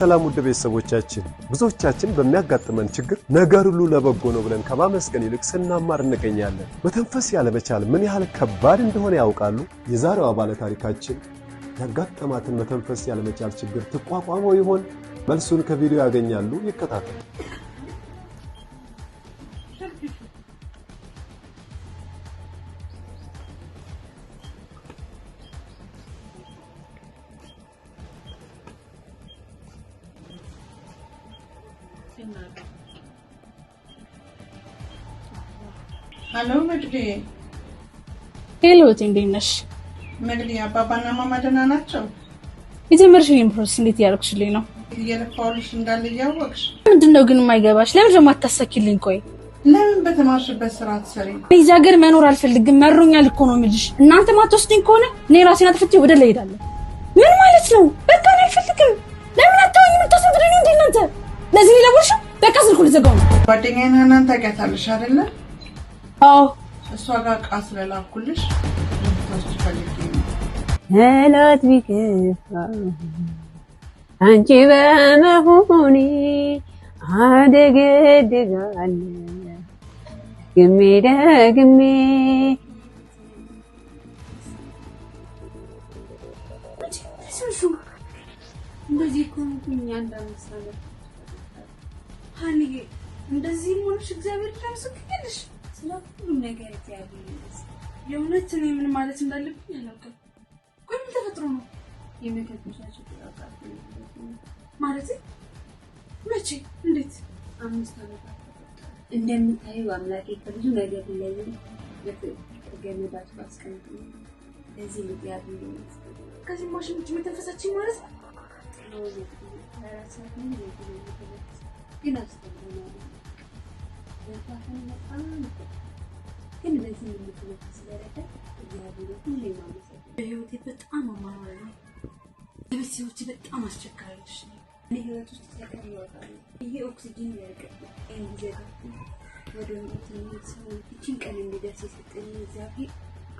ሰላም ውድ ቤተሰቦቻችን፣ ብዙዎቻችን በሚያጋጥመን ችግር ነገር ሁሉ ለበጎ ነው ብለን ከማመስገን ይልቅ ስናማር እንገኛለን። መተንፈስ ያለመቻል ምን ያህል ከባድ እንደሆነ ያውቃሉ? የዛሬዋ ባለ ታሪካችን ያጋጠማትን መተንፈስ ያለመቻል ችግር ትቋቋመው ይሆን? መልሱን ከቪዲዮ ያገኛሉ። ይከታተሉ። తిన్నారు હલો મિટલી ሄሎ ቴንዴት ነሽ? ምግሊ አባባና ማማ ደህና ናቸው? የጀመርሽውን ፕሮሰስ እንዴት ነው? ግን የማይገባሽ? ለምን ደግሞ አታሳኪልኝ? ቆይ ለምን በተማርሽበት ስራ ትሰሪ? እዚህ ሀገር መኖር አልፈልግም፣ መሮኛል እኮ ነው የምልሽ። እናንተ ማትወስድኝ ከሆነ እኔ ራሴን አጥፍቼ ወደ ላይ እሄዳለሁ። ምን ማለት ነው? በቃ አልፈልግም ስልኩን ልዘጋው ነው። ጓደኛዬን እናንተ ታውቂያታለሽ አይደለ? አዎ። እሷ ጋር ዕቃ ስለላኩልሽ ልትወስጂ ፈልጌ አንቺ በመሆኔ አደገድጋለሁ ደግሜ ደግሜ እንደዚህ ሀኒዬ እንደዚህ ሆንሽ፣ እግዚአብሔር ታመስግኝልሽ ስለ ሁሉም ነገር ያለኝ የእውነት እኔ ምን ማለት እንዳለብኝ አላውቅም። ቆይ ምን ተፈጥሮ ነው የመገበሻቸው? ማለት መቼ? እንዴት? አምስት ዓመታት እንደምታዩ አምላኬ ከብዙ ነገር ላይ ገመዳችሁ ባስቀምጥ እዚህ ምክንያት ከዚህ ማሽኖች ውጭ ማለት ነው ግን አስተውለናል። በጣም በህይወቴ በጣም አማራሪ ነው። ለቤተሰቦቼ በጣም አስቸጋሪ እኔ ህይወት ውስጥ ተቀር ይወጣሉ። ይሄ ኦክሲጂን ያርቅል ጊዜ ወደ ወንጌት ሰው ይችን ቀን እንዲደርስ የሰጠኝ እግዚአብሔር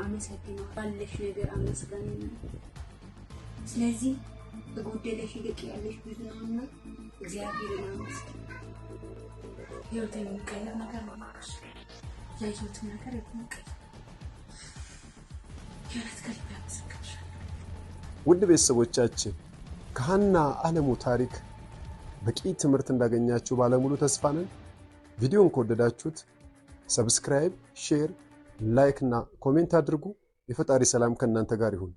አመሰግነው ባለሽ ነገር አመስጋኝ ነው። ስለዚህ በጎደለሽ ይልቅ ያለሽ ብዙ ነውና እግዚአብሔርን አመስግን። ህይወት የሚቀየር ነገር ነው። ያየሁትን ነገር የሚቀየር የእውነት ከልብ ውድ ቤተሰቦቻችን ከሀና አለሙ ታሪክ በቂ ትምህርት እንዳገኛችሁ ባለሙሉ ተስፋ ነን። ቪዲዮን ከወደዳችሁት ሰብስክራይብ፣ ሼር፣ ላይክ እና ኮሜንት አድርጉ። የፈጣሪ ሰላም ከእናንተ ጋር ይሁን።